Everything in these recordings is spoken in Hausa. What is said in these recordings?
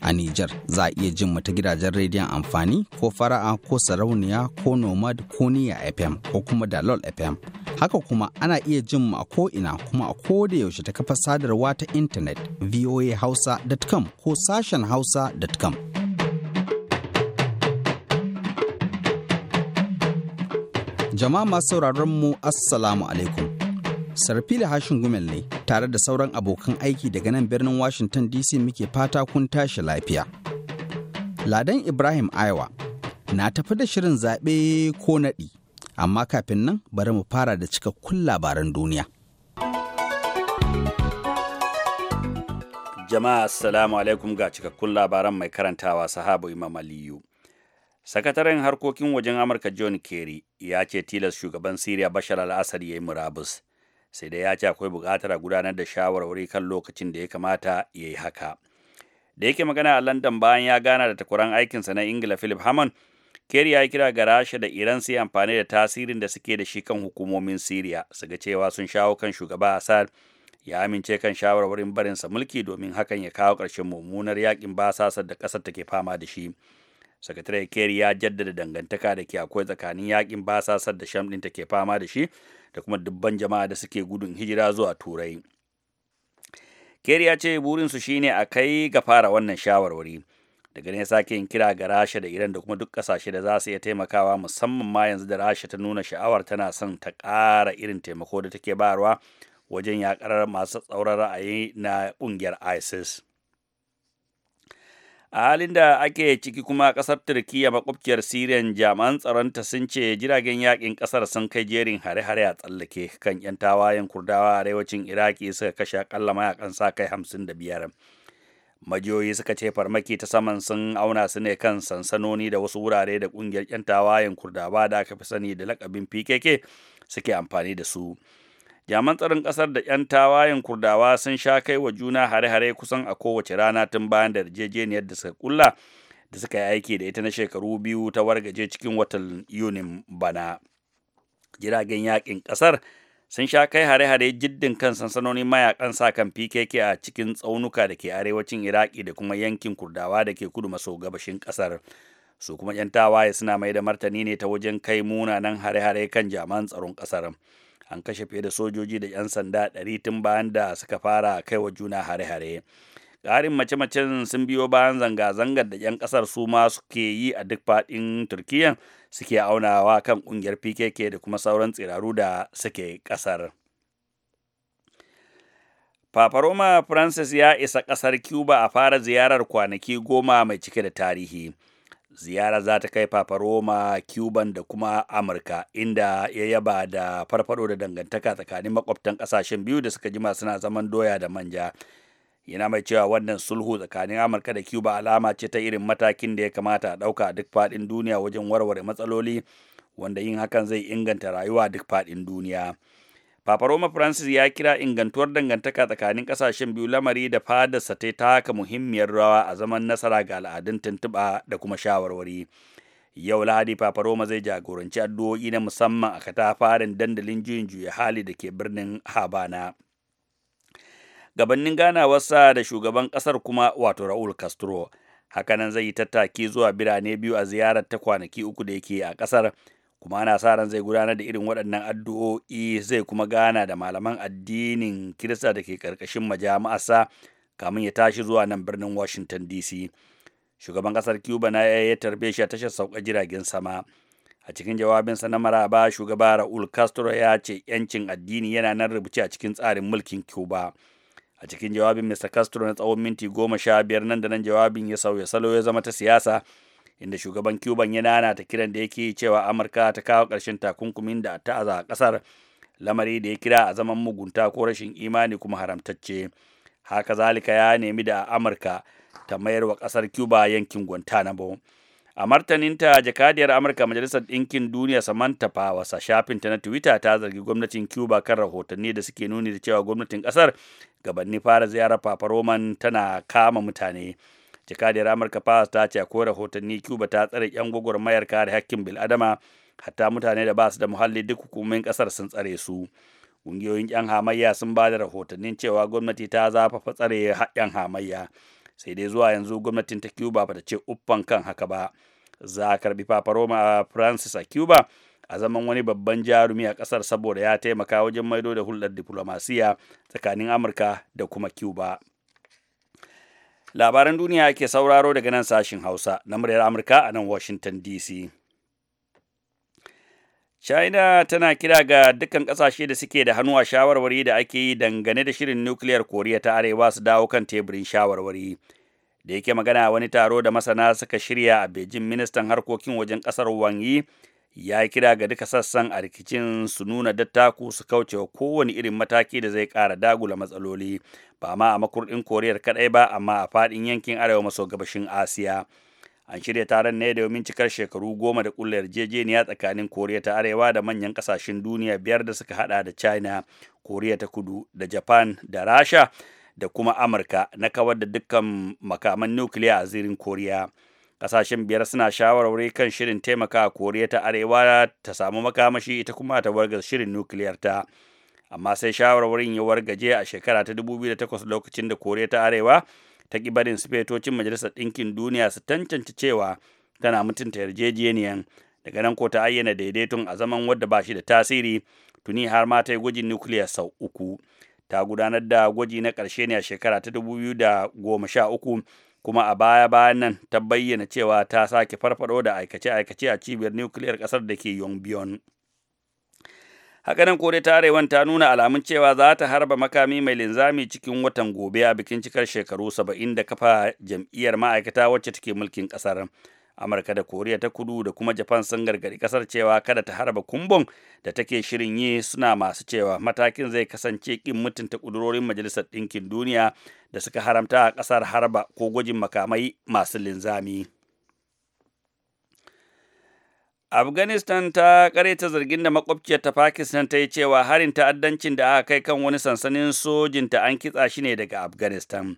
A Nijar za a iya jin mu ta gidajen rediyon amfani ko fara'a ko sarauniya ko nomad ko niya FM ko kuma dalol FM. Haka kuma ana iya jin mu a ko'ina kuma a koda yaushe ta kafa sadarwa ta intanet voahausa.com ko sashen hausa.com. Jama'a masu sauraron mu Assalamu alaikum. Sarfila Hashin Gumelle tare da sauran abokan aiki daga nan birnin Washington DC muke fata kun tashi lafiya. Ladan Ibrahim Aiwa na tafi da shirin zaɓe ko naɗi, amma kafin nan bari mu fara da cikakkun labaran duniya. Jama'a Assalamu alaikum ga cikakkun labaran mai karantawa sahabu Imam Aliyu. Sakataren harkokin wajen Amurka John Kerry ya ce tilas shugaban Siriya Bashar al-Assad ya yi murabus. sai dai ya ce akwai buƙatar a gudanar da shawarwari kan lokacin da ya kamata ya yi haka da yake magana a london bayan ya gana da takwaran aikinsa na ingila philip hammond kerry ya kira ga rasha da iran su yi amfani da tasirin da suke da shi kan hukumomin syria su ga cewa sun shawo kan shugaba assad ya amince kan shawarwarin barinsa mulki domin hakan ya kawo ƙarshen mummunar yakin basasar da ƙasar take fama da shi sakatare kerry ya jaddada dangantaka da ke akwai tsakanin yakin basasar da sham ɗin take fama da shi da kuma dubban jama'a da suke gudun hijira zuwa turai keri ya ce burinsu shine a kai ga fara wannan shawarwari daga ne sake yin kira ga rasha da iran da kuma duk kasashe da za su iya taimakawa musamman ma yanzu da rasha ta nuna sha'awar tana son ta ƙara irin taimako da take bayarwa wajen yaƙar masu tsauran ra'ayi na ƙungiyar isis a halin da ake ciki kuma kasar turkiya makwabciyar syrian jami'an tsaronta sun ce jiragen yakin kasar sun kai jerin hare-hare a tsallake kan 'yan tawayen kurdawa a arewacin iraki suka kashe akalla mayakan sa kai biyar majiyoyi suka ce farmaki ta saman sun auna su ne kan sansanoni da wasu wurare da kungiyar 'yan tawayen kurdawa da aka fi sani da lakabin pkk suke amfani da su jaman tsaron kasar da 'yan tawayen kurdawa sun sha kai wa juna hare-hare kusan a kowace rana tun bayan da yarjejeniyar da suka kulla da suka yi aiki da ita na shekaru biyu ta wargaje cikin watan yunin bana jiragen yakin kasar sun sha kai hare-hare jiddin kan sansanonin mayakan sa kan PKK a cikin tsaunuka da ke arewacin Iraki da kuma yankin Kurdawa da ke kudu maso gabashin kasar. Su kuma 'yan tawaye suna mai da martani ne ta wajen kai munanan hare-hare kan jaman tsaron kasar. an kashe fiye da sojoji da 'yan sanda 100 tun bayan da suka fara kaiwa juna hare-hare ƙarin mace-macen sun biyo bayan zanga-zangar da 'yan ƙasar su ma suke yi a duk faɗin turkiyya suke aunawa kan ƙungiyar pkk da kuma sauran tsiraru da suke ƙasar Paparoma Francis ya isa ƙasar Cuba a fara ziyarar kwanaki goma mai cike da tarihi. ziyara za ta kai fafaroma cuban da kuma amurka inda ya yaba da farfado da dangantaka tsakanin makwabtan ƙasashen biyu da suka jima suna zaman doya da manja yana mai cewa wannan sulhu tsakanin amurka da cuba alama ce ta irin matakin da ya kamata a ɗauka duk faɗin duniya wajen warware matsaloli wanda yin hakan zai inganta rayuwa duk faɗin duniya. Papa Roma Francis ya kira ingantuwar dangantaka tsakanin ƙasashen biyu lamari da fadarsa ta taka muhimmiyar rawa a zaman nasara ga al'adun tuntuɓa da kuma shawarwari. Yau Lahadi Papa zai jagoranci addu'o'i na musamman a katafarin dandalin juyin juya hali da ke birnin Habana. Gabannin ganawarsa da shugaban ƙasar kuma wato Raul Castro. Hakanan zai yi tattaki zuwa birane biyu a ziyarar ta kwanaki uku da yake a ƙasar. kuma ana sa ran zai gudanar da irin waɗannan addu'o'i zai kuma gana da malaman addinin kirista da ke ƙarƙashin majami'arsa kamin ya tashi zuwa nan birnin washington dc shugaban ƙasar cuba na ya tarbe shi a tashar sauka jiragen sama a cikin jawabinsa na maraba shugaba raul castro ya ce yancin addini yana nan rubuce a cikin tsarin mulkin cuba a cikin jawabin mr castro na tsawon minti goma sha biyar nan da nan jawabin ya sauya salo ya zama ta siyasa inda shugaban cuban ya nana ta kiran da yake cewa amurka ta kawo ƙarshen takunkumin da ta aza ƙasar lamari da ya kira a zaman mugunta ko rashin imani kuma haramtacce haka zalika ya nemi da amurka ta mayar wa ƙasar cuba yankin bo. a martaninta jakadiyar amurka majalisar ɗinkin duniya samantha powers a shafinta na twitter ta zargi gwamnatin cuba kan rahotanni da suke nuni da cewa gwamnatin ƙasar gabanni fara ziyarar papa roman tana kama mutane jakadiyar amurka pass ta ce akwai rahotanni cuba ta tsare yan mayar kare hakkin bil'adama hatta mutane da basu da muhalli duk hukumomin kasar sun tsare su ƙungiyoyin yan hamayya sun ba da rahotannin cewa gwamnati ta zafafa tsare yan hamayya sai dai zuwa yanzu gwamnatin ta cuba bata ce uffan kan haka ba za a karbi paparoma ah, francis a cuba a zaman wani babban jarumi a kasar saboda ya taimaka wajen maido da hulɗar diflomasiya tsakanin amurka da kuma cuba labaran duniya ke sauraro daga nan sashin hausa na muryar amurka a nan washington dc china tana kira ga dukkan kasashe da suke da hannu a shawarwari da ake yi dangane da shirin nukiliyar koriya ta arewa su dawo kan teburin shawarwari da yake magana wani taro da masana suka shirya a beijing ministan harkokin wajen kasar wang ya yi kira ga duka sassan a rikicin su nuna dattaku su kauce wa kowane irin mataki da zai ƙara dagula matsaloli ba ma a makurɗin koriya kaɗai ba amma a faɗin yankin arewa maso gabashin asiya an shirya taron ne domin cikar shekaru goma da ƙulla yarjejeniya tsakanin koriya ta arewa da manyan ƙasashen duniya biyar da suka haɗa da china koriya ta kudu da japan da rasha da kuma amurka na kawar da dukkan makaman nukiliya a zirin koriya kasashen biyar suna shawarwari kan shirin taimaka koriya ta arewa ta samu makamashi ita kuma ta warga shirin nukiliyar ta amma sai shawarwarin ya wargaje a shekara ta 2008 lokacin da koriya ta arewa ta ki barin sifetocin majalisar ɗinkin duniya su tantance cewa tana mutunta yarjejeniyan daga nan ko ta ayyana daidaiton a zaman wadda ba shi da tasiri tuni har ma ta yi gwajin nukiliya sau uku ta gudanar da gwaji na ƙarshe ne a shekara ta 2013 kuma a baya-bayan nan ta bayyana cewa ta sake farfado da aikace-aikace a cibiyar nukiliyar ƙasar da ke Yongbyon. Hakanan kore ta arewan ta nuna alamun cewa za ta harba makami mai linzami cikin watan gobe a bikin cikar shekaru saba'in da kafa jam'iyyar ma'aikata wacce take mulkin ƙasar. amurka da koriya ta kudu da kuma japan sun gargadi ƙasar cewa kada ta haraba kumbon da take shirin yi suna masu cewa matakin zai kasance kin mutunta kudurorin majalisar ɗinkin duniya da suka haramta a ƙasar harba ko gwajin makamai masu linzami afghanistan ta kareta zargin da makwabciyar ta pakistan ta yi cewa harin ta'addancin da aka kai kan wani sansanin sojinta an kitsa shi ne daga afghanistan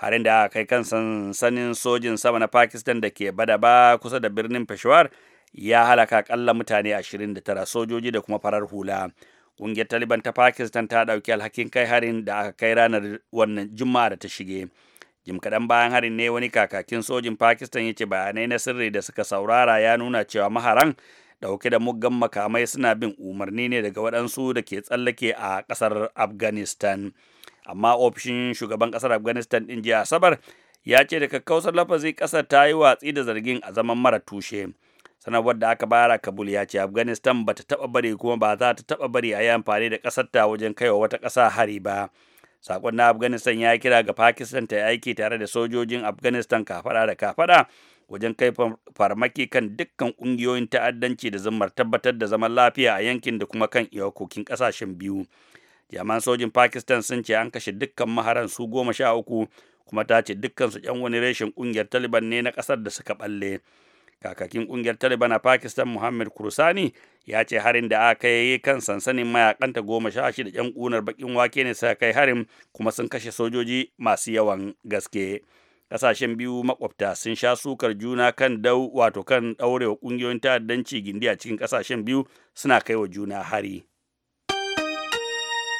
harin da aka kai kan sansanin sojin sama na pakistan da ke ba kusa da birnin peshawar ya halaka kalla mutane 29 sojoji da kuma farar hula ƙungiyar taliban ta pakistan ta ɗauki alhakin kai harin da aka kai ranar wannan juma'a da ta shige jim kaɗan bayan harin ne wani kakakin sojin pakistan ya ce bayanai na sirri da suka saurara ya nuna cewa maharan ɗauke da muggan makamai suna bin umarni ne daga waɗansu da ke tsallake a ƙasar afghanistan amma ofishin shugaban ƙasar afghanistan ɗin jiya asabar ya ce da kakkausar lafazi kasar ta yi watsi da zargin a zaman mara tushe sanarwar da aka bayar a kabul ya ce afghanistan ba ta taɓa bari kuma ba za ta taɓa bari a yi amfani da ƙasar ta wajen kaiwa wata kasa hari ba sakon na afghanistan ya kira ga pakistan ta aiki tare da sojojin afghanistan kafada da kafada wajen kai farmaki kan dukkan ƙungiyoyin ta'addanci da zammar tabbatar da zaman lafiya a yankin da kuma kan iyakokin kasashen biyu jaman sojin pakistan sun ce an kashe dukkan maharan su goma sha uku kuma ta ce dukkansu yan wani reshen kungiyar taliban ne na kasar da suka balle kakakin kungiyar taliban a pakistan muhammad kursani ya ce harin da aka yi kan sansanin mayakanta goma sha shida yan kunar bakin wake ne suka kai harin kuma sun kashe sojoji masu yawan gaske ƙasashen biyu makwabta sun sha sukar juna kan dau wato kan daurewa kungiyoyin ta'addanci gindi a cikin kasashen biyu suna kaiwa juna hari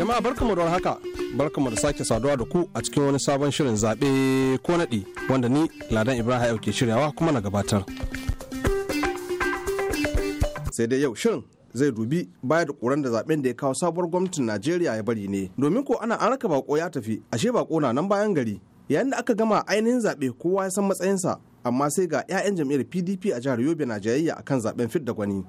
Jama'a barkamu da haka barkamu da sake saduwa da ku a cikin wani sabon shirin zaɓe ko naɗi wanda ni Ladan Ibrahim ke shiryawa kuma na gabatar. Sai dai yau shirin zai dubi baya da ƙuran da zaɓen da ya kawo sabuwar gwamnatin Najeriya ya bari ne. Domin ko ana an raka bako ya tafi ashe bako na nan bayan gari. Yayin da aka gama ainihin zaɓe kowa ya san matsayinsa amma sai ga 'ya'yan jam'iyyar PDP a jihar Yobe na jayayya akan zaɓen fit da gwani.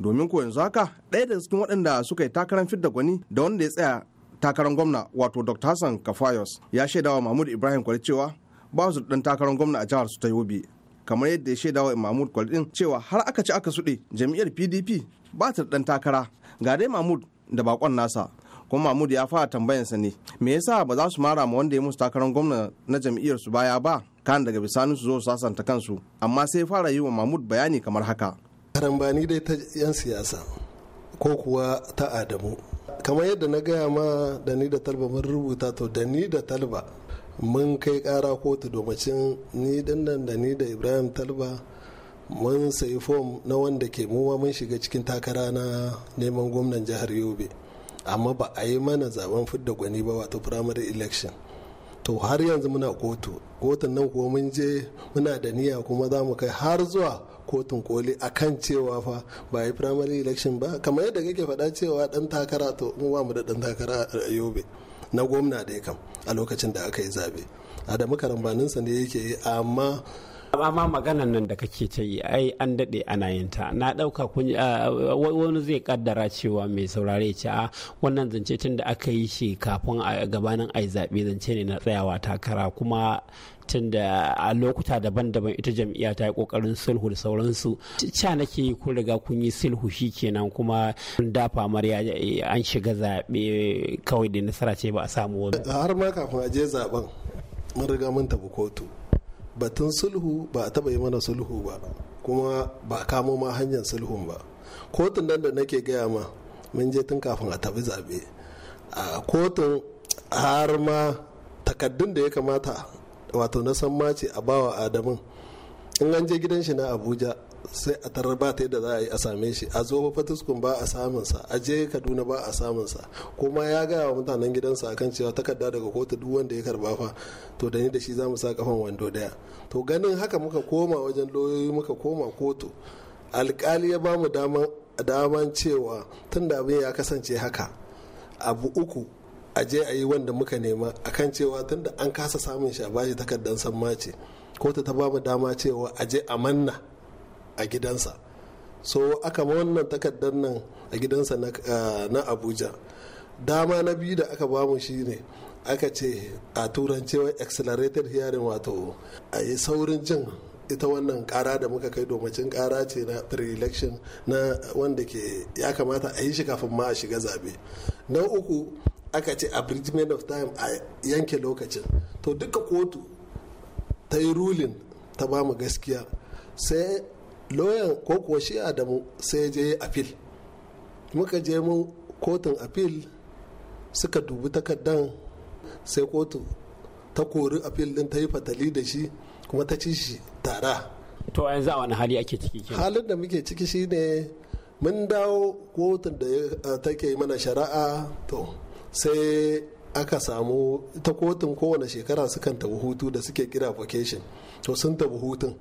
domin ko yanzu haka ɗaya da cikin waɗanda suka yi takarar fidda gwani da wanda ya tsaya takarar gwamna wato dr hassan kafayos ya shaidawa mahmud ibrahim kwali cewa ba su ɗan takarar gwamna a jihar su ta yobe kamar yadda ya shaidawa mahmud kwali ɗin cewa har aka ci aka suɗe jam'iyyar pdp ba ta ɗan takara ga dai mahmud da bakon nasa kuma mahmud ya fara tambayansa ne me yasa ba za su mara ma wanda ya musu takarar gwamna na jam'iyyar su baya ba kan daga bisani su zo su sasanta kansu amma sai fara yi wa mahmud bayani kamar haka karambani dai ta 'yan siyasa ko kuwa ta adamu kamar yadda na gaya ma da ni da talba mun rubuta to da ni da talba mun kai kara kotu domacin ni dinnan da ni da ibrahim talba mun sayi fom na wanda ke muwa mun shiga cikin takara na neman gwamnan jihar yobe amma ba a yi mana zaben fidda gwani ba wato primary election to har yanzu muna kotu kotun nan kuwa mun je muna da niyya kuma za mu kai har zuwa kotun koli akan cewa fa ba yi primary election ba kamar yadda kake faɗa cewa dan takara to mu ba mu da dan takara a yobe na gwamna da kam a lokacin da aka yi zabe adamu sa ne yake yi amma amma maganan nan da kake ta yi ai an daɗe ana yin ta na ɗauka ah, wani zai kaddara cewa mai saurare ce a ah, wannan zance tun da aka yi shi kafin a gabanin ai zaɓe zance ne na tsayawa takara kuma tun da a lokuta daban-daban ita jam'iyya ta yi kokarin sulhu da sauransu ca nake kun riga kun yi sulhu shi kenan kuma dafa amarya eh, an shiga zaɓe kawai da nasara ce ba a samu wani har ma kafin a je zaben mun riga mun tafi kotu batun sulhu ba a taba yi mana sulhu ba kuma ba a kamo ma hanyar sulhun ba kotun nan da nake gaya ma mun je tun kafin a tafi zaɓe a kotun har ma takaddun da ya kamata wato na san mace a bawa adamin in an je gidan shi na abuja sai a tarar ba ta yadda za a yi a same shi a zo fa fataskun ba a samun sa a je kaduna ba a samun sa kuma ya gaya wa mutanen gidansa akan cewa takarda daga kotu duk wanda ya karba fa to da ni da shi za mu sa kafan wando daya to ganin haka muka koma wajen lauyoyi muka koma kotu alkali ya ba mu daman daman cewa tunda abin ya kasance haka abu uku a je a yi wanda muka nema akan cewa tunda an kasa samun shi a bashi takardar sammace kotu ta ba mu dama cewa a je a manna a gidansa so aka ma wannan takardar nan a gidansa eh, na abuja dama na biyu da aka bamu shine aka ce a turance wa accelerated hearing wato a yi saurin jin ita wannan kara da muka kai domacin kara ce na pre-election na wanda ke ya kamata a yi shi kafin ma a shiga zabe na uku aka ce abridgment of time a yanke lokacin to duka kotu ta yi ruling ta ba mu gaskiya sai lauyan ko kuwa shi adamu sai je apil muka je mu kotun apil suka dubi takardan sai kotu ta kori apil din ta yi fatali da shi kuma ta ci shi tara to yanzu a wani hali ake ciki halin da muke ciki shi ne mun dawo kotun da eh, ta ke mana shari'a to sai aka samu ta kotun kowane shekara sukan tabi hutu da suke kira vacation to sun tabi hutun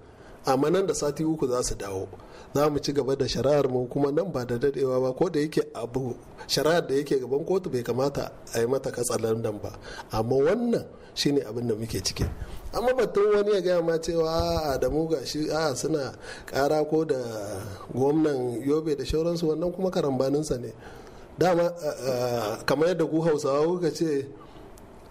amma nan da sati uku za su dawo za mu ci gaba da shari'ar mu kuma nan ba da dadewa ba ko da yake abu shari'ar da yake gaban kotu bai kamata a yi mata katsalandan ba amma wannan shine abin da muke ciki amma batun wani ya gaya ma cewa a da mu shi a suna kara ko da gwamnan yobe da shauransu wannan kuma karambaninsa ne dama eh, eh, kamar yadda ku hausawa kuka ce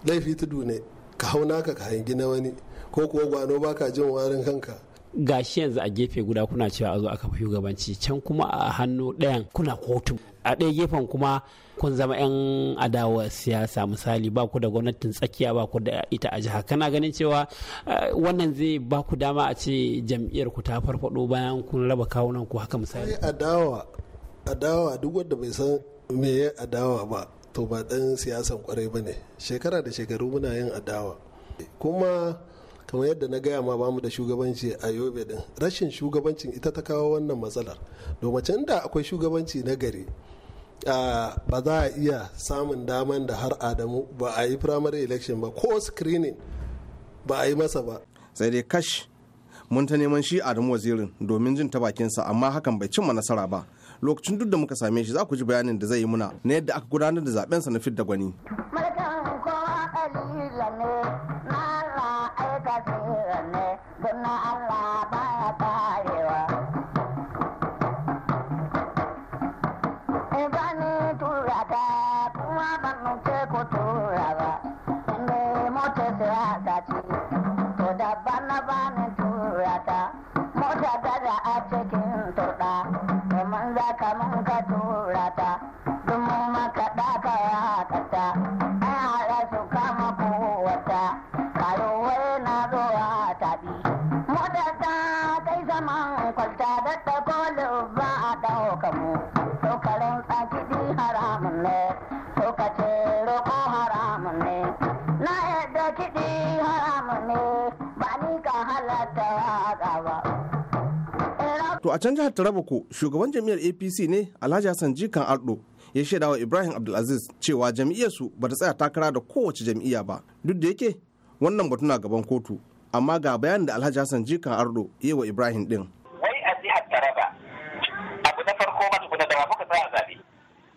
laifi tudu ne ka hau naka ka hangi na wani ko kuwa gwano baka jin warin kanka gashi yanzu a gefe guda kuna cewa a zo aka fi gabanci can kuma a hannu ɗayan kuna kotu a ɗaya gefen kuma kun zama 'yan adawa siyasa misali ba ku da gwamnatin tsakiya ba ku da ita a jiha kana ganin cewa eh, wannan zai ba ku dama a ce jam'iyyar ku ta farfado bayan kun raba kawunan ku haka misali adawa adawa duk wanda bai san me adawa ba to ba dan siyasan kwarai bane shekara da shekaru muna yin adawa kuma kamar yadda na gaya ma bamu da shugabanci a yobe din rashin shugabancin ita ta kawo wannan matsalar domin da akwai shugabanci na gari ba za a iya samun daman da har adamu ba a yi primary election ba ko screening ba a yi masa ba sai dai kash mun ta neman shi adamu wazirin domin jin ta bakinsa amma hakan bai cimma nasara ba lokacin duk da muka same shi za ku ji bayanin da zai yi muna na yadda aka gudanar da zaben sa na fidda gwani. aikata ne don Allah ba ya karewa. Ibani tura ta kuma ban nuce ku tura ba, inda mota siyasa ce, to daban na bani tura ta, mota da a cikin turɗa, domin za ka mun ka tura. a can jihar ko shugaban jami'ar apc ne alhaji hassan jikan ardo ya shaida wa ibrahim abdulaziz cewa jam'iyyar su bata tsaya takara da kowace jam'iyya ba duk da yake wannan batu na gaban kotu amma ga bayanin da alhaji hassan jikan ardo ya wa ibrahim din wai a jihar taraba abu na farko ba tukuna da zabe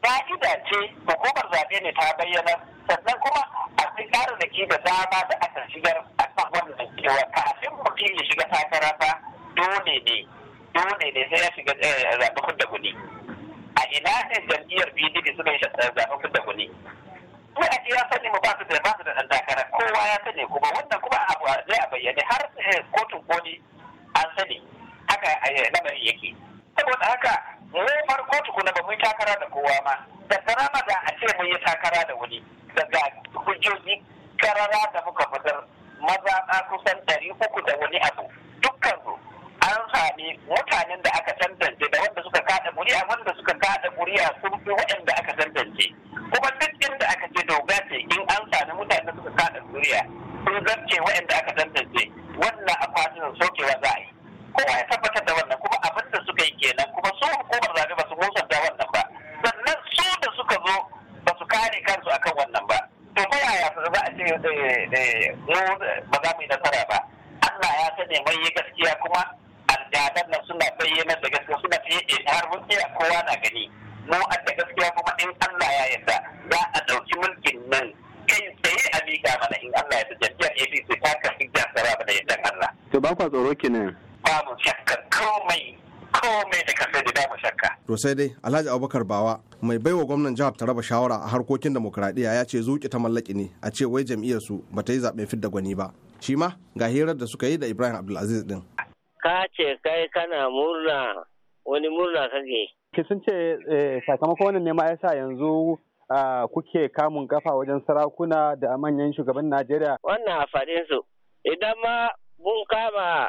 ka'ida ce hukumar zabe ne ta bayyana sannan kuma a sai ƙara da da dama da aka shigar a kan wannan cewa kafin mutum ya shiga takara ba dole ne dole ne sai ya shiga eh, zaɓen da kuɗi a ina ne jam'iyyar pdp suka yi zaɓen da kuɗi mu a ya sani mu ba su da ba da ɗan takara kowa ya sani kuma wannan kuma abu a zai a bayyane har eh, kotun koli an sani haka eh, lamarin yake saboda haka mu farko tukuna ba mu yi takara da kowa ma da ma da a ce mun yi takara da wani daga hujjoji karara da muka fitar maza na kusan ɗari uku da wani abu dukkan su an sami mutanen da aka tantance da wanda suka kada kuri'a wanda suka kada kuri'a sun fi waɗanda aka tantance kuma duk inda aka ce doga ce in an sami mutanen da suka kada kuri'a sun zarce waɗanda aka tantance wannan akwatin sokewa za a yi kowa ya tabbatar da wannan kuma abin da suka yi kenan kuma su hukumar zaɓe ba su musanta wannan ba sannan su da suka zo ba su kare kansu akan wannan ba to ya yaya za a ce eh, eh, sosai dai alhaji abubakar bawa mai baiwa gwamnan jihar taraba shawara a harkokin demokuraɗiyya ya ce zuki ta mallaki ne a ce wai jam'iyyarsu ba ta yi zaɓen fidda gwani ba shi ma ga hirar da suka yi da ibrahim abdulaziz din ka ce kai kana murna wani murna kake ki sun ce eh, sakamakon wannan ne ma yasa yanzu kuke kamun kafa wajen sarakuna da manyan shugaban najeriya wannan a su idan ma mun kama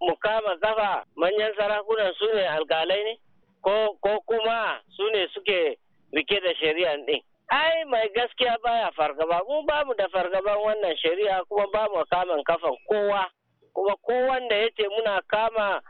mu kama kafa manyan sarakunan su ne alkalai ne ko kuma su ne suke rike da shari'a ɗin. Ai mai gaskiya baya fargaba, mu ba mu da fargaban wannan shari'a kuma ba mu kamun kafan kowa, kuma kowanda ya ce muna kama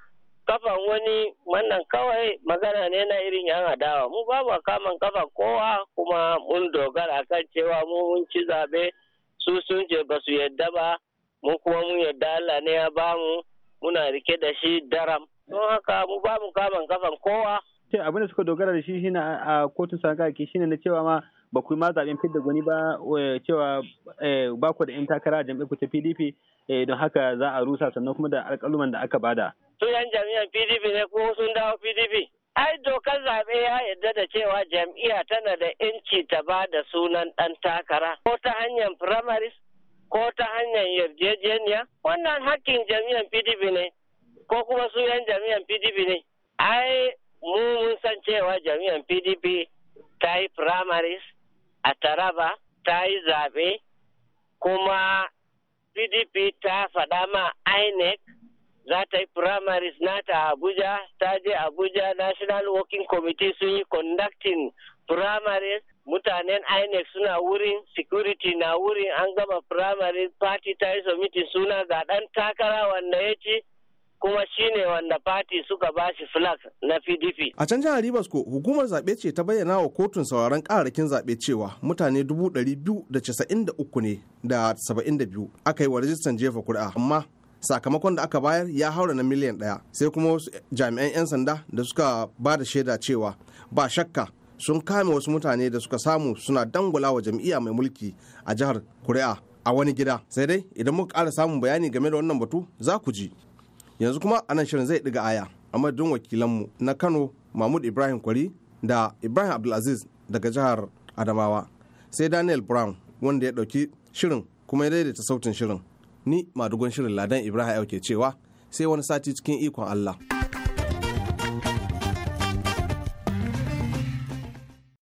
kafan wani wannan kawai magana ne na irin yan adawa mu ba mu kaman kafan kowa kuma mun dogara kan cewa mu mun ci zabe su sun ce ba su yadda ba mu kuma mun yadda Allah ne ya ba mu muna rike da shi daram don haka mu ba mu kaman kafan kowa ce abin suka dogara da shi shine a kotun shi shine na cewa ma ba ku ma zaben fidda gwani ba eh, cewa eh, ba ku da 'yan takara a jam'iyyar ta PDP eh, don haka za a rusa sannan kuma da alƙaluman da aka bada. Su 'yan jam'iyyar PDP ne ko sun dawo PDP? Ai dokar zaɓe ya yarda da cewa jam'iyya tana da 'yanci ta ba da sunan ɗan takara ko ta hanyar primaries ko ta hanyar yarjejeniya wannan hakkin jam'iyyar PDP ne. ko kuma su yan jami'an pdp ne ai mu mun san cewa jami'an pdp ta yi primaries a taraba ta yi zaɓe kuma pdp ta faɗa ma inec za ta yi primaries nata abuja ta je abuja national working committee sun yi conducting primaries mutanen inec suna wurin security na wurin an gama primaries party ta yi submitting suna ga ɗan takara wanda ya ci kuma shine wanda fati suka ba shi flag na PDP. A can jihar ribas ko hukumar zaɓe ce ta bayyana wa kotun sauraron ƙararrakin zaɓe cewa mutane dubu ɗari biyu da casa'in da uku ne da saba'in da biyu aka yi wa rajistan jefa kuri'a amma sakamakon da aka bayar ya haura na miliyan ɗaya sai kuma wasu jami'an 'yan sanda da suka ba da shaida cewa ba shakka sun kame wasu mutane da suka samu suna dangula wa jam'iyya mai mulki a jihar kuri'a a wani gida sai dai idan muka ƙara samun bayani game da wannan batu za ku ji yanzu kuma a nan shirin zai ɗiga aya a madadin wakilanmu na kano mahmud ibrahim kwari da ibrahim abdulaziz daga jihar adamawa sai daniel brown wanda ya ɗauki shirin kuma ya daidaita sautin shirin ni madugon shirin ladan ibrahim yau ke cewa sai wani sati cikin ikon allah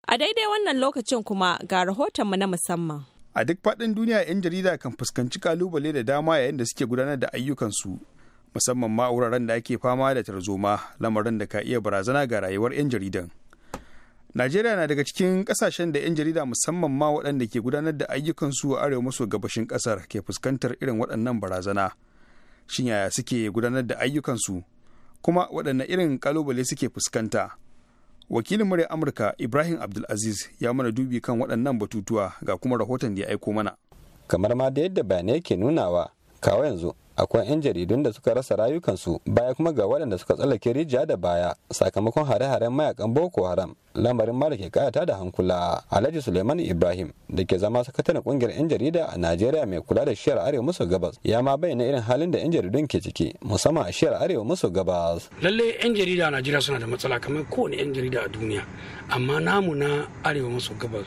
a daidai wannan lokacin kuma ga rahotonmu na musamman a duk faɗin duniya 'yan jarida kan fuskanci kalubale da dama yayin da suke gudanar da ayyukansu musamman ma wuraren da ake fama da tarzoma lamarin da ka iya barazana ga rayuwar 'yan jaridan najeriya na daga cikin kasashen da 'yan jarida musamman ma waɗanda ke gudanar da ayyukansu a arewa maso gabashin ƙasar ke fuskantar irin waɗannan barazana shin yaya suke gudanar da ayyukansu kuma waɗanne irin kalubale suke fuskanta wakilin murya amurka ibrahim abdulaziz ya mana dubi kan waɗannan batutuwa ga kuma rahoton da ya aiko mana kamar ma da yadda bayanai ke nunawa kawo yanzu akwai 'yan jaridun da suka rasa rayukansu baya kuma ga waɗanda suka tsallake rijiya da baya sakamakon hare-haren mayakan boko haram lamarin ma ke kayata da hankula alhaji suleiman ibrahim da ke zama sakataren ƙungiyar 'yan jarida a najeriya mai kula da shiyar arewa maso gabas ya ma bayyana irin halin da 'yan jaridun ke ciki musamman a shiyar arewa maso gabas Lallai 'yan jarida a najeriya suna da matsala kamar kowane 'yan jarida a duniya amma namu na arewa maso gabas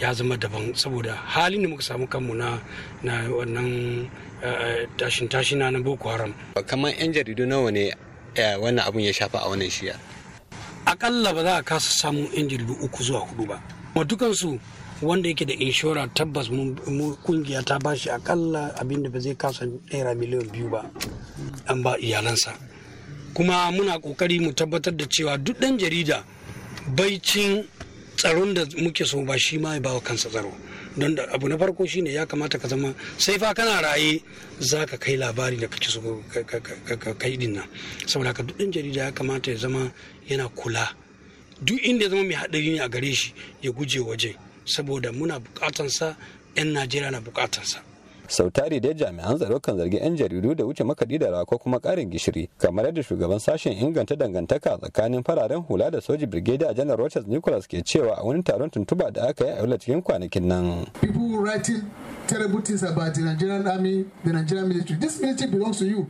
ya zama daban saboda halin da muka samu kanmu na wannan eh, eh, tashin tashina na boko haram kamar 'yan jaridu nawa ne eh, wannan abun ya shafa a wannan shiya akalla ba za a kasa samun 'yan jaridu uku zuwa hudu ba matukansu wanda yake da inshora tabbas mu kungiya ta ba shi akalla abin da ba zai kasa naira miliyan biyu ba an ba iyalansa kuma muna kokari mu tabbatar da cewa duk ɗan jarida baicin tsaron da muke so ba shi ma ya bawa kansa tsaro don da abu na farko shine ya kamata ka zama sai fa kana raye za ka kai labari da kake so ka kai din nan saboda ka duk jarida ya kamata ya zama yana kula duk inda ya zama mai haɗari ne a gare shi ya guje waje saboda muna bukatansa 'yan najeriya na bukatansa sau tari dai jami'an tsaro kan zargi 'yan jaridu da wuce makaɗi da rawa ko kuma ƙarin gishiri kamar yadda shugaban sashen inganta dangantaka tsakanin fararen hula da soji brigadier janar rochas nicholas ke cewa a wani taron tuntuba da aka yi a cikin kwanakin nan terrible things about the Nigerian army, the Nigerian military. This military belongs to you.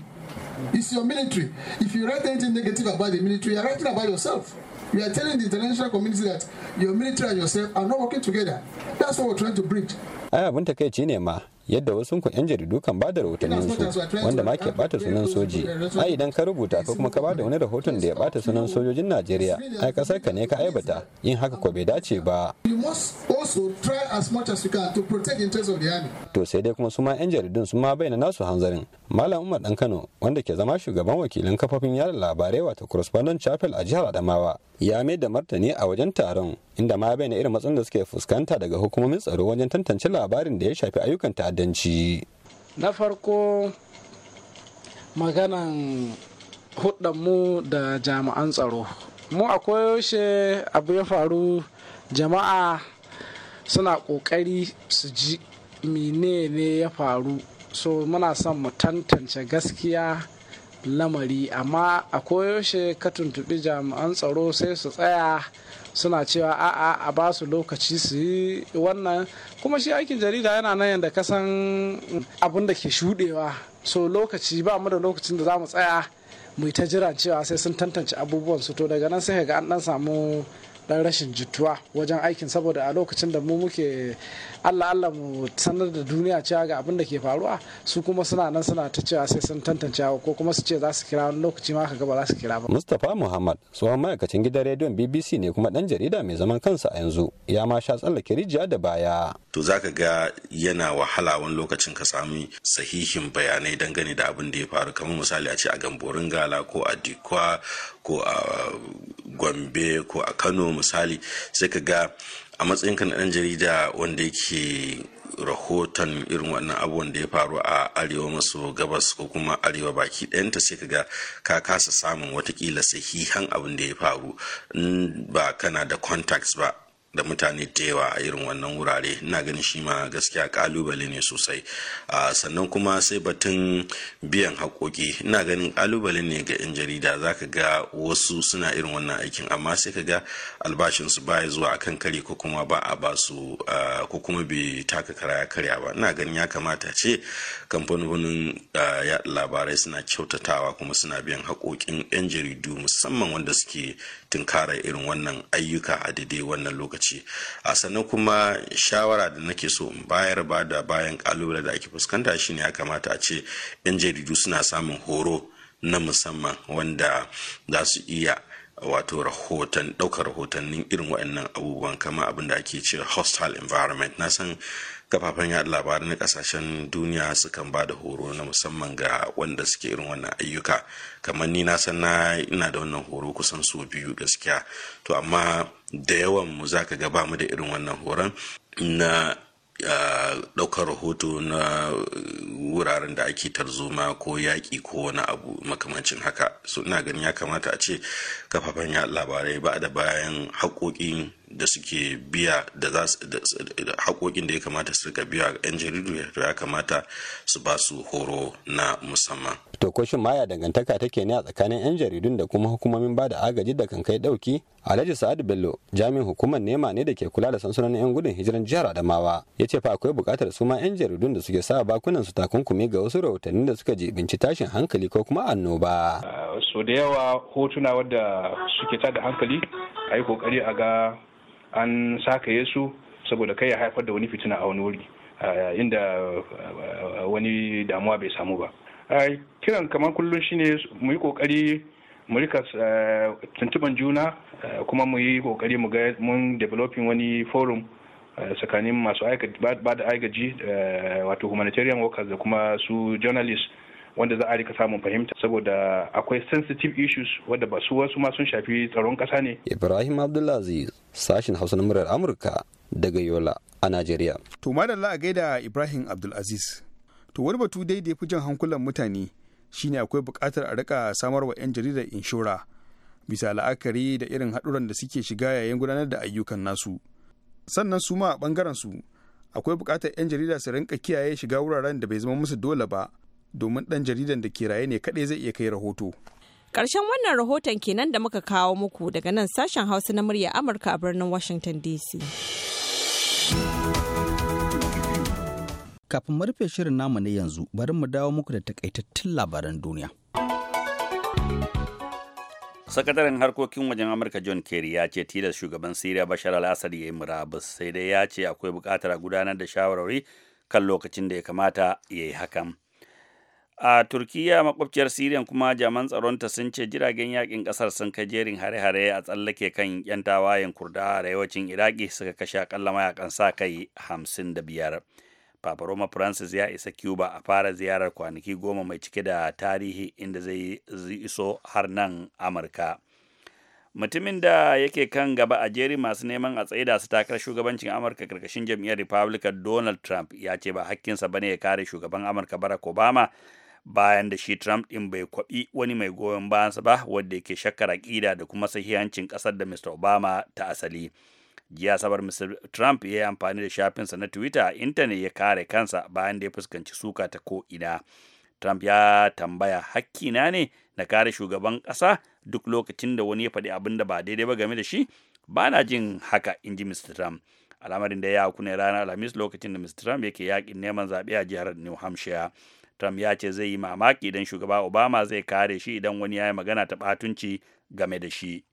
It's your military. If you write anything negative about the military, you're writing about yourself. We are telling the international community that your military and yourself are not working together. That's what we're trying to bridge. Ai abin takaici ne ma yadda wasu ku yan jaridu kan ba da rahotannin su wanda ma ke bata sunan soji a idan ka rubuta ko kuma ka ba da wani rahoton da ya bata sunan sojojin najeriya ai kasar ka ne ka aibata yin haka ko bai dace ba to sai dai kuma su ma yan jaridun su ma bayyana nasu hanzarin malam umar dan kano wanda ke zama shugaban wakilan kafofin yada labarai wato correspondent chapel a jihar adamawa ya mai da martani a wajen taron inda ma bayyana irin matsalar da suke fuskanta daga hukumomin tsaro wajen tantance labarin da ya shafi ayyukan ta'addanci na farko maganan mu da jami'an tsaro mu a koyaushe abu ya faru jama'a suna ƙoƙari su ji menene ya faru so muna son mu tantance gaskiya lamari amma a koyaushe ka tuntuɓi jami'an tsaro sai su tsaya suna cewa a'a a ba su lokaci su yi wannan kuma shi aikin jarida yana nan yadda ka san abin da ke shuɗewa so lokaci ba mu da lokacin da za mu tsaya mu ta jiran cewa sai sun tantance abubuwan su to daga nan sai ga an dan samu dan rashin jituwa wajen aikin saboda a lokacin da mu muke allah allah mu sanar da duniya cewa ga abin da ke faruwa su kuma suna nan suna ta cewa sai sun tantance ko kuma su ce za su kira wani lokaci ma ka ba za su kira ba. mustapha muhammad tsohon ma'aikacin gidan rediyon bbc ne kuma dan jarida mai zaman kansa a yanzu ya ma sha tsallake rijiya da baya. to zaka ga yana wahala wani lokacin ka sami sahihin bayanai dangane da abin da ya faru kamar misali a ce a gamborin gala ko a dikwa ko a gombe ko a kano misali sai ka ga a matsayinka na ɗan jarida wanda yake rahoton irin wannan abubuwan da ya faru a arewa maso gabas ko kuma arewa baki ɗayanta sai ka ga ka kasa samun watakila sahihan abin da ya faru ba kana da contacts ba da mutane da yawa a irin wannan wurare ina ganin shi ma gaskiya kalubale ne sosai sannan kuma sai batun biyan haƙoƙi ina ganin kalubale ne ga 'yan jarida za ka ga wasu suna irin wannan aikin amma sai ka ga albashinsu ba ya zuwa akan kare ko kuma ba a basu ko kuma bai taka karaya karya ba ina ganin ya kamata ce kamfanonin yaɗa labarai suna kyautatawa kuma suna biyan haƙoƙin 'yan jaridu musamman wanda suke tunkara irin wannan ayyuka a daidai wannan lokaci a sannan kuma shawara da nake so in bayar ba da bayan kalubale da ake fuskanta shine ya kamata a ce 'yan jaridu suna samun horo na musamman wanda za su iya wato rahoton ɗaukar rahotannin irin waɗannan abubuwan kama abin da ake cewa hostile environment na san kafafen yada labarai na kasashen duniya sukan ba da horo na musamman ga wanda suke irin wannan ayyuka kamar ni na san na ina da wannan horo kusan su biyu gaskiya to amma da yawan mu zaka ga gaba mu da irin wannan horon na ɗaukar rahoto na wuraren da ake tarzoma ko yaƙi ko wani abu makamancin haka so ina ganin ya kamata a ce kafafen yaɗa labarai ba da bayan haƙoƙin da suke biya da haƙoƙin da ya kamata su rika biya yan jaridu ya kamata su ba su horo na musamman. To koshin maya dangantaka take ne a tsakanin yan jaridun da kuma hukumomin ba da agaji da kan kai ɗauki? Alhaji Sa'adu Bello jami'in hukumar nema ne da ke kula da sansanin yan gudun hijiran jihar Adamawa ya ce fa akwai bukatar su ma yan jaridun da suke sa bakunan su takunkumi ga wasu rahotannin da suka jibinci tashin hankali ko kuma annoba. sau da yawa hotuna wadda suke tada hankali a yi kokari a ga an saka su saboda kai ya haifar da wani fitina a wani wuri inda wani damuwa bai samu ba kiran kamar kullum shine mu yi kokari mu rika tuntuban juna kuma mu yi kokari mu ga mun developing wani forum tsakanin masu ba da agaji wato humanitarian workers da kuma su journalists wanda za a rika samun fahimta saboda akwai sensitive issues wadda ba su wasu ma sun shafi tsaron kasa ne. Ibrahim Abdulaziz sashin Hausa na murar Amurka daga Yola a Najeriya. To madalla a gaida Ibrahim Abdulaziz. To wani batu dai da ya fi jan hankulan mutane shine akwai buƙatar a rika samar wa 'yan jaridar inshora bisa la'akari da irin haɗuran da suke shiga yayin gudanar da ayyukan nasu. Sannan su ma a ɓangaren su akwai bukatar 'yan jarida su rinka kiyaye shiga wuraren da bai zama musu dole ba domin ɗan jaridan da ke raye ne kaɗai zai iya kai rahoto. Ƙarshen wannan rahoton kenan da muka kawo muku daga nan sashen Hausa na murya Amurka a birnin Washington DC. Kafin rufe shirin namu na yanzu, bari mu dawo muku da takaitattun labaran duniya. sakataren harkokin wajen amurka john kerry ya ce tilas shugaban siriya bashar al-assad ya yi murabus sai dai ya ce akwai bukatar a gudanar da shawarwari kan lokacin da ya kamata ya yi hakan a turkiya makwabciyar syrian kuma jaman tsaronta sun ce jiragen yakin kasar sun kai jerin hare-hare a tsallake kan yan tawayen kurda a yawacin iraki suka kashe akalla mayakan sa kai hamsin da biyar papa roma francis ya isa cuba a fara ziyarar kwanaki goma mai cike da tarihi inda zai iso har nan amurka mutumin da yake kan gaba a jeri masu neman a tsaida su takarar shugabancin amurka karkashin jam'iyyar republican donald trump ya ce ba hakkinsa bane ya kare shugaban amurka barack obama bayan da shi Trump ɗin bai kwaɓi wani mai goyon bayansa ba wanda yake shakkar aƙida da kuma sahihancin ƙasar da Mr. Obama ta asali. Jiya sabar Mr. Trump ya yi amfani da shafinsa na Twitter a intanet ya kare kansa bayan da ya fuskanci suka ta ko ina Trump ya tambaya hakki na ne na kare shugaban ƙasa duk lokacin da wani ya faɗi abin da ba daidai ba game da shi ba na jin haka in ji Mr. Trump. Al'amarin da ya kuna ranar Alhamis lokacin da Mr. Trump yake yakin neman zaɓe a jihar New Hampshire. Trump ya ce zai yi mamaki idan shugaba Obama zai kare shi idan wani ya yi magana ta batunci game da shi.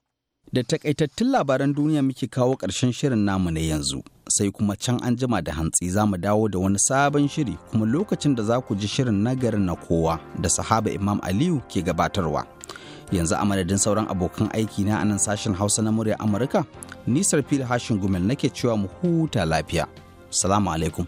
Da takaitattun labaran duniya muke kawo ƙarshen shirin namu na yanzu, sai kuma can an jima da hantsi za mu dawo da wani sabon shiri kuma lokacin da za ku ji shirin na garin na kowa da sahaba Imam Aliyu ke gabatarwa. Yanzu a madadin sauran abokan aiki na anan sashen Hausa na murya Amurka, nisar fil hashin gumel nake cewa mu huta lafiya. Salamu alaikum.